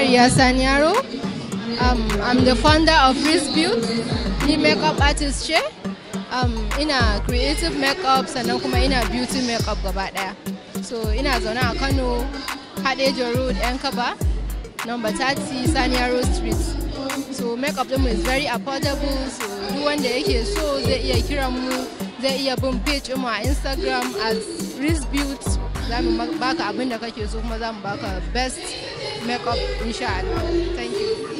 Maria Sanyaro. Um, I'm the founder of Riz Build. Ni makeup artist ce. Um, ina creative makeup sannan kuma ina beauty makeup gaba daya. So ina zaune a Kano, Hadejo Road, Enkaba, number 30 Sanyaro Street. So makeup ɗinmu is very affordable. So duk wanda yake so zai iya kiran mu zai iya bin page mu a instagram as risbeauty za mu baka abin da kake so kuma za mu baka best makeup insha'allah thank you